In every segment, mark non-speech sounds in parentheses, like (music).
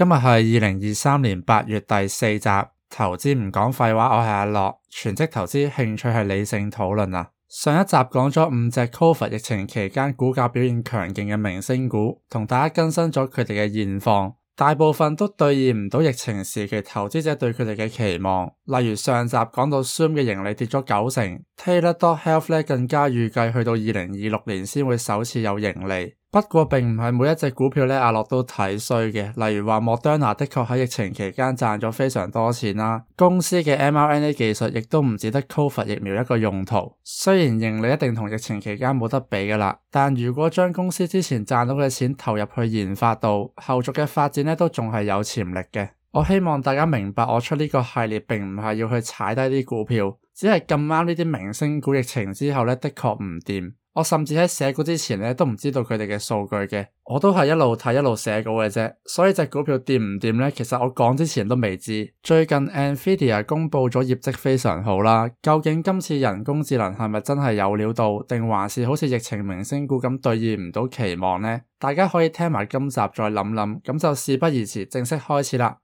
今日係二零二三年八月第四集，投資唔講廢話，我係阿樂，全職投資，興趣係理性討論啊。上一集講咗五隻 COVID 疫情期間股價表現強勁嘅明星股，同大家更新咗佢哋嘅現況，大部分都兌現唔到疫情時期投資者對佢哋嘅期望。例如上集講到 Zoom 嘅盈利跌咗九成，Teladoc Health 更加預計去到二零二六年先會首次有盈利。不過並唔係每一隻股票呢，阿樂都睇衰嘅。例如話莫丹娜的確喺疫情期間賺咗非常多錢啦，啊，公司嘅 mRNA 技術亦都唔止得 covid 疫苗一個用途。雖然盈利一定同疫情期間冇得比噶啦，但如果將公司之前賺到嘅錢投入去研發度，後續嘅發展咧都仲係有潛力嘅。我希望大家明白，我出呢個系列並唔係要去踩低啲股票，只係咁啱呢啲明星股疫情之後咧的確唔掂。我甚至喺寫稿之前呢，都唔知道佢哋嘅數據嘅，我都係一路睇一路寫稿嘅啫。所以隻股票跌唔跌呢？其實我講之前都未知。最近 Nvidia 公布咗業績非常好啦，究竟今次人工智能係咪真係有料到，定還是好似疫情明星股咁兌現唔到期望呢？大家可以聽埋今集再諗諗。咁就事不宜遲，正式開始啦。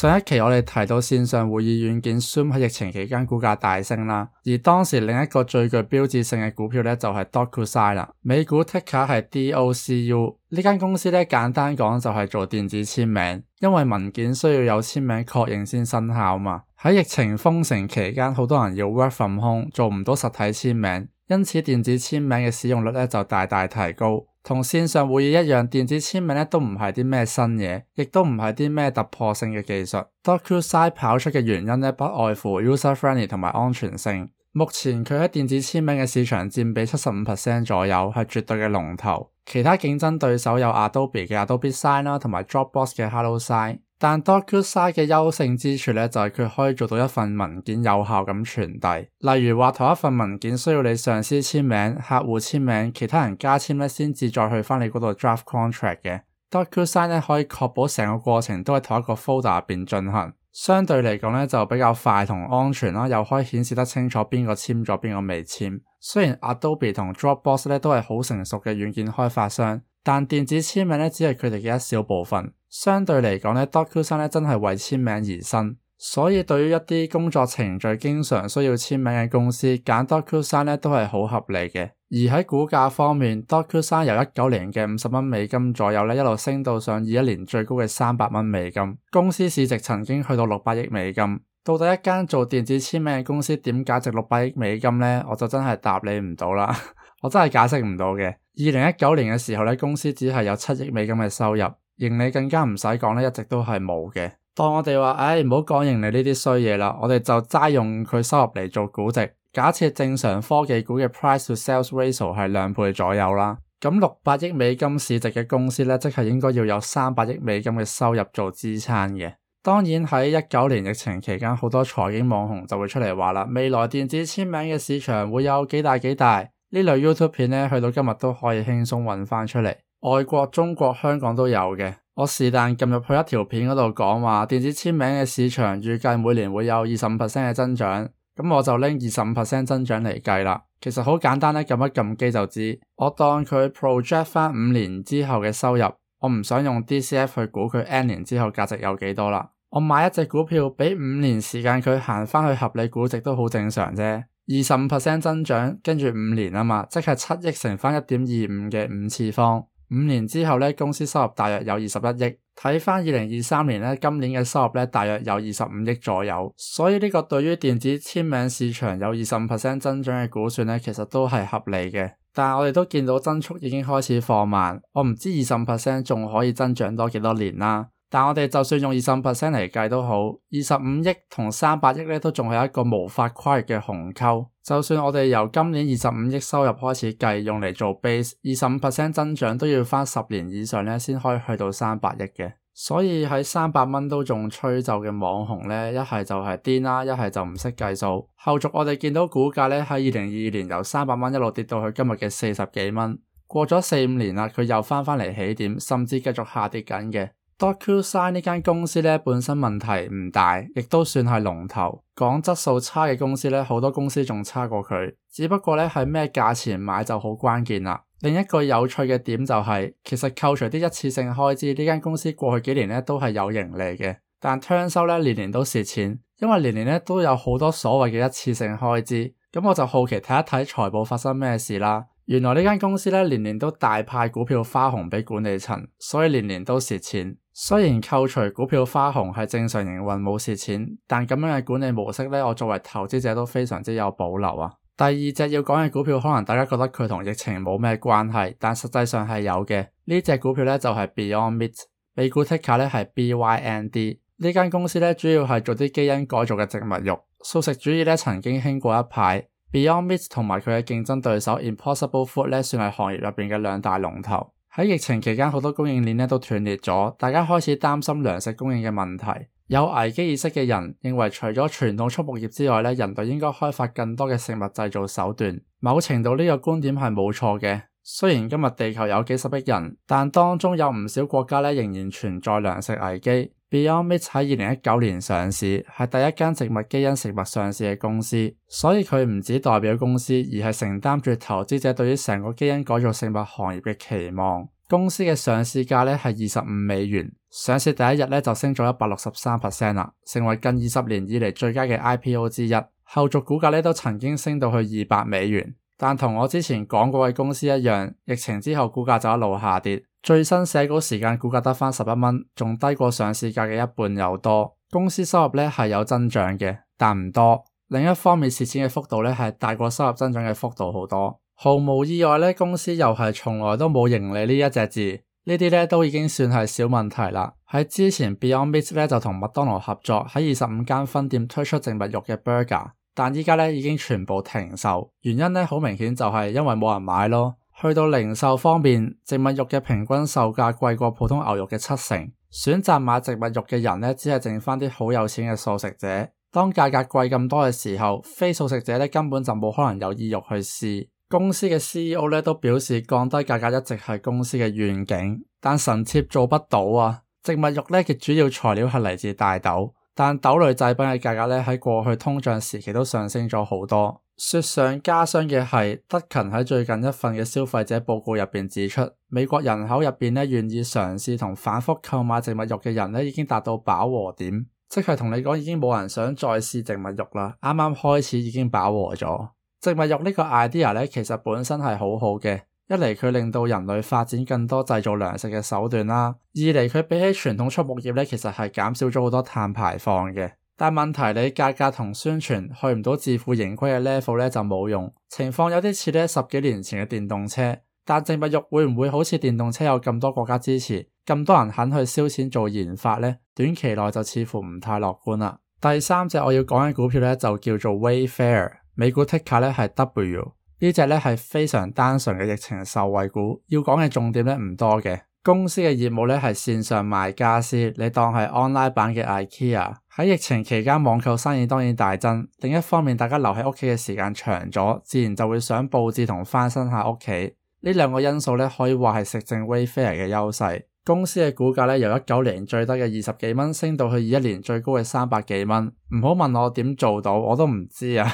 上一期我哋提到線上會議軟件 Zoom 喺疫情期間股價大升啦，而當時另一個最具標誌性嘅股票咧就係 DocuSign 啦，美股 Ticker 係 DOCU，呢間公司咧簡單講就係做電子簽名，因為文件需要有簽名確認先生效嘛。喺疫情封城期間，好多人要 work from home，做唔到實體簽名，因此電子簽名嘅使用率咧就大大提高。同線上會議一樣，電子簽名咧都唔係啲咩新嘢，亦都唔係啲咩突破性嘅技術。DocuSign 跑出嘅原因咧，不外乎 user-friendly 同埋安全性。目前佢喺電子簽名嘅市場佔比七十五 percent 左右，係絕對嘅龍頭。其他競爭對手有 Adobe 嘅 Adobe Sign 啦，同埋 Dropbox 嘅 Hello Sign。但 DocuSign 嘅優勝之處咧，就係佢可以做到一份文件有效咁傳遞。例如話，同一份文件需要你上司簽名、客戶簽名、其他人加簽咧，先至再去翻你嗰度 draft contract 嘅。DocuSign 咧可以確保成個過程都喺同一個 folder 入邊進行，相對嚟講咧就比較快同安全啦，又可以顯示得清楚邊個簽咗邊個未簽。雖然 Adobe 同 Dropbox 咧都係好成熟嘅軟件開發商，但電子簽名咧只係佢哋嘅一小部分。相對嚟講咧，DocuSign 真係為簽名而生，所以對於一啲工作程序經常需要簽名嘅公司，揀 DocuSign 都係好合理嘅。而喺股價方面，DocuSign 由一九年嘅五十蚊美金左右咧，一路升到上二一年最高嘅三百蚊美金。公司市值曾經去到六百億美金。到底一間做電子簽名嘅公司點解值六百億美金呢？我就真係答你唔到啦， (laughs) 我真係解釋唔到嘅。二零一九年嘅時候呢，公司只係有七億美金嘅收入。盈利更加唔使講，一直都係冇嘅。當我哋話，唉、哎，唔好講盈利呢啲衰嘢啦，我哋就齋用佢收入嚟做估值。假設正常科技股嘅 price to sales ratio 係兩倍左右啦，咁六百億美金市值嘅公司呢，即係應該要有三百億美金嘅收入做支撐嘅。當然喺一九年疫情期間，好多財經網紅就會出嚟話啦，未來電子簽名嘅市場會有幾大幾大。呢類 YouTube 片呢，去到今日都可以輕鬆揾翻出嚟。外國、中國、香港都有嘅。我是但撳入去一條片嗰度講話電子簽名嘅市場預計每年會有二十五 percent 嘅增長。咁我就拎二十五 percent 增長嚟計啦。其實好簡單咧，撳一撳機就知。我當佢 project 翻五年之後嘅收入，我唔想用 DCF 去估佢 n 年之後價值有幾多啦。我買一隻股票，畀五年時間佢行翻去合理估值都好正常啫。二十五 percent 增長跟住五年啊嘛，即係七億乘翻一點二五嘅五次方。五年之後咧，公司收入大約有二十一億。睇返二零二三年咧，今年嘅收入咧大約有二十五億左右。所以呢個對於電子簽名市場有二十五 percent 增長嘅估算咧，其實都係合理嘅。但我哋都見到增速已經開始放慢。我唔知二十五 percent 仲可以增長多幾多年啦。但我哋就算用二十五 percent 嚟計都好，二十五億同三百億咧都仲係一個無法跨越嘅鴻溝。就算我哋由今年二十五億收入開始計，用嚟做 base，二十五 percent 增長都要翻十年以上咧，先可以去到三百億嘅。所以喺三百蚊都仲吹奏嘅網紅呢，一係就係癲啦，一係就唔識計數。後續我哋見到股價呢，喺二零二二年由三百蚊一路跌到去今日嘅四十幾蚊，過咗四五年啦，佢又翻返嚟起點，甚至繼續下跌緊嘅。DocuSign 呢間公司呢，本身問題唔大，亦都算係龍頭。講質素差嘅公司呢，好多公司仲差過佢。只不過呢係咩價錢買就好關鍵啦。另一個有趣嘅點就係、是，其實扣除啲一次性開支，呢間公司過去幾年呢都係有盈利嘅。但攤收呢年年都蝕錢，因為年年呢都有好多所謂嘅一次性開支。咁我就好奇睇一睇財報發生咩事啦。原來呢間公司年年都大派股票花紅俾管理層，所以年年都蝕錢。雖然扣除股票花紅係正常營運冇蝕錢，但咁樣嘅管理模式咧，我作為投資者都非常之有保留啊。第二隻要講嘅股票，可能大家覺得佢同疫情冇咩關係，但實際上係有嘅。呢隻股票咧就係 Beyond Meat，美股 ticker 咧係 BYND。呢間公司呢，主要係做啲基因改造嘅植物肉，素食主義咧曾經興過一派。Beyond Meat 同埋佢嘅競爭對手 Impossible Food 咧，算係行業裏面嘅兩大龍頭。喺疫情期間，好多供應鏈都斷裂咗，大家開始擔心糧食供應嘅問題。有危機意識嘅人認為，除咗傳統畜牧業之外咧，人類應該開發更多嘅食物製造手段。某程度呢個觀點係冇錯嘅。雖然今日地球有幾十億人，但當中有唔少國家咧仍然存在糧食危機。Beyond Meat 喺二零一九年上市，係第一間植物基因食物上市嘅公司，所以佢唔只代表公司，而係承擔住投資者對於成個基因改造食物行業嘅期望。公司嘅上市價咧係二十五美元，上市第一日咧就升咗一百六十三 percent 啦，成為近二十年以嚟最佳嘅 IPO 之一。後續股價咧都曾經升到去二百美元。但同我之前講過嘅公司一樣，疫情之後股價就一路下跌，最新寫稿時間股價得返十一蚊，仲低過上市價嘅一半又多。公司收入咧係有增長嘅，但唔多。另一方面，蝕錢嘅幅度咧係大過收入增長嘅幅度好多。毫無意外呢，公司又係從來都冇盈利呢一隻字。呢啲咧都已經算係小問題啦。喺之前 Beyond Meat 咧就同麥當勞合作喺二十五間分店推出植物肉嘅 burger。但依家咧已經全部停售，原因咧好明顯就係因為冇人買咯。去到零售方面，植物肉嘅平均售價貴過普通牛肉嘅七成，選擇買植物肉嘅人咧只係剩返啲好有錢嘅素食者。當價格貴咁多嘅時候，非素食者咧根本就冇可能有意欲去試。公司嘅 CEO 咧都表示，降低價格一直係公司嘅願景，但臣妾做不到啊。植物肉咧嘅主要材料係嚟自大豆。但豆類製品嘅價格咧喺過去通脹時期都上升咗好多。雪上加霜嘅係，德勤喺最近一份嘅消費者報告入邊指出，美國人口入邊咧願意嘗試同反覆購買植物肉嘅人咧已經達到飽和點，即係同你講已經冇人想再試植物肉啦。啱啱開始已經飽和咗。植物肉呢個 idea 咧其實本身係好好嘅。一嚟佢令到人類發展更多製造糧食嘅手段啦，二嚟佢比起傳統畜牧業咧，其實係減少咗好多碳排放嘅。但問題你價格同宣傳去唔到自負盈虧嘅 level 咧，就冇用。情況有啲似咧十幾年前嘅電動車，但植物肉會唔會好似電動車有咁多國家支持，咁多人肯去燒錢做研發呢？短期內就似乎唔太樂觀啦。第三隻我要講嘅股票咧，就叫做 Wayfair，美股 ticker 咧係 W。呢隻呢係非常單純嘅疫情受惠股，要講嘅重點呢唔多嘅。公司嘅業務呢係線上賣家私，你當係 online 版嘅 IKEA。喺疫情期間網購生意當然大增，另一方面大家留喺屋企嘅時間長咗，自然就會想布置同翻新下屋企。呢兩個因素呢，可以話係食正 Wayfair 嘅優勢。公司嘅股價咧由一九年最低嘅二十幾蚊升到去二一年最高嘅三百幾蚊，唔好問我點做到，我都唔知啊。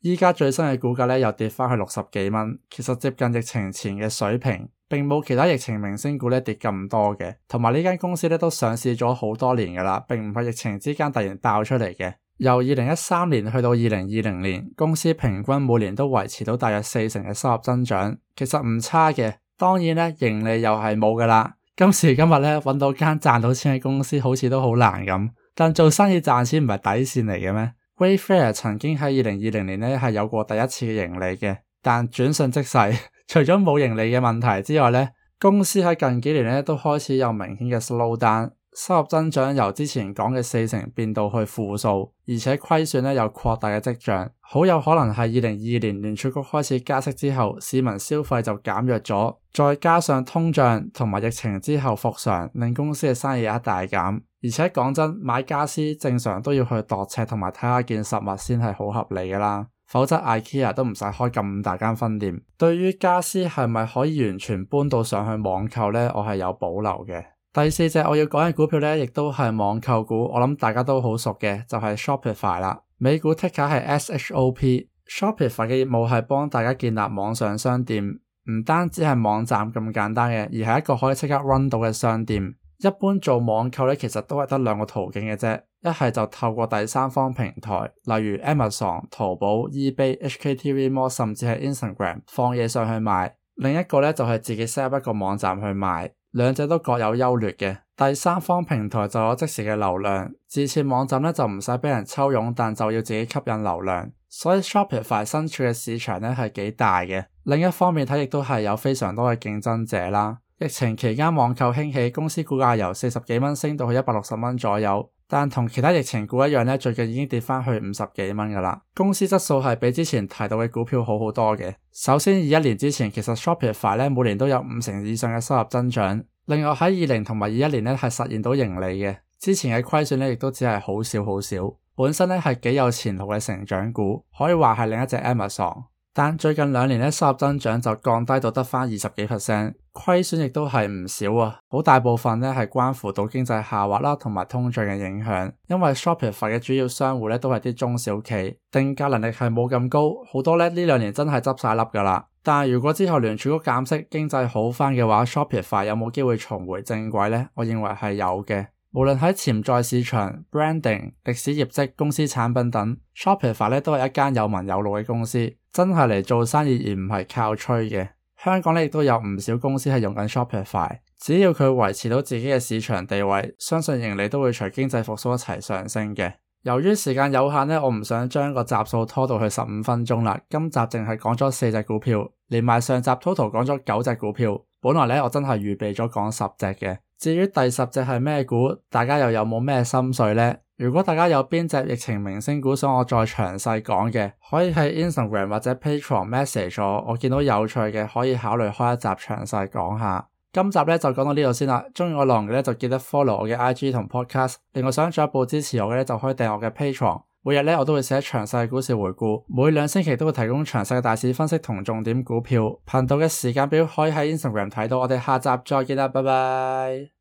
依 (laughs) 家最新嘅股價咧又跌翻去六十幾蚊，其實接近疫情前嘅水平，並冇其他疫情明星股咧跌咁多嘅。同埋呢間公司咧都上市咗好多年噶啦，並唔係疫情之間突然爆出嚟嘅。由二零一三年去到二零二零年，公司平均每年都維持到大約四成嘅收入增長，其實唔差嘅。當然咧，盈利又係冇噶啦。今時今日咧，搵到間賺到錢嘅公司，好似都好難咁。但做生意賺錢唔係底線嚟嘅咩？Wayfair 曾經喺二零二零年咧係有過第一次嘅盈利嘅，但轉瞬即逝。除咗冇盈利嘅問題之外咧，公司喺近幾年咧都開始有明顯嘅 slow down。收入增長由之前講嘅四成變到去負數，而且虧損咧有擴大嘅跡象，好有可能係二零二二年年初聯儲局開始加息之後，市民消費就減弱咗，再加上通脹同埋疫情之後復常，令公司嘅生意額大減。而且講真，買傢俬正常都要去度尺同埋睇下件實物先係好合理㗎啦，否則 IKEA 都唔使開咁大間分店。對於傢俬係咪可以完全搬到上去網購呢？我係有保留嘅。第四隻我要講嘅股票呢，亦都係網購股，我諗大家都好熟嘅，就係 Shopify 啦。美股 ticker 係 S H O P。Shopify 嘅業務係幫大家建立網上商店，唔單止係網站咁簡單嘅，而係一個可以即刻揾到嘅商店。一般做網購呢，其實都係得兩個途徑嘅啫，一係就透過第三方平台，例如 Amazon、淘寶、eBay、HKTV、Mall，甚至係 Instagram 放嘢上去賣。另一個呢，就係自己 set 一個網站去賣。兩者都各有優劣嘅。第三方平台就有即時嘅流量，自設網站咧就唔使俾人抽傭，但就要自己吸引流量。所以 Shopify 身處嘅市場咧係幾大嘅。另一方面睇，亦都係有非常多嘅競爭者啦。疫情期間網購興起，公司股價由四十幾蚊升到去一百六十蚊左右。但同其他疫情股一樣呢，最近已經跌翻去五十幾蚊噶啦。公司質素係比之前提到嘅股票好好多嘅。首先，二一年之前，其實 Shopify 咧每年都有五成以上嘅收入增長。另外喺二零同埋二一年咧係實現到盈利嘅。之前嘅虧損咧亦都只係好少好少。本身咧係幾有前途嘅成長股，可以話係另一隻 Amazon。但最近兩年咧收入增長就降低到得返二十幾 percent，虧損亦都係唔少啊。好大部分呢係關乎到經濟下滑啦，同埋通脹嘅影響。因為 Shopify 嘅主要商戶呢都係啲中小企，定價能力係冇咁高，好多咧呢兩年真係執晒笠㗎啦。但如果之後聯儲局減息，經濟好返嘅話，Shopify 有冇機會重回正軌呢？我認為係有嘅。無論喺潛在市場、branding、歷史業績、公司產品等，Shopify 都係一間有文有路嘅公司。真係嚟做生意而唔係靠吹嘅。香港呢亦都有唔少公司係用緊 Shopify，只要佢維持到自己嘅市場地位，相信盈利都會隨經濟復甦一齊上升嘅。由於時間有限呢，我唔想將個集數拖到去十五分鐘啦。今集淨係講咗四隻股票，連埋上集 total 講咗九隻股票。本來呢我真係預備咗講十隻嘅，至於第十隻係咩股，大家又有冇咩心水呢？如果大家有邊隻疫情明星股想我再詳細講嘅，可以喺 Instagram 或者 Patreon message 我，我見到有趣嘅可以考慮開一集詳細講下。今集咧就講到呢度先啦，中意我浪嘅咧就記得 follow 我嘅 IG 同 Podcast，另外想進一步支持我嘅咧就可以訂閱我嘅 Patreon，每日咧我都會寫詳細股市回顧，每兩星期都會提供詳細嘅大市分析同重點股票。頻道嘅時間表可以喺 Instagram 睇到，我哋下集再見啦，拜拜。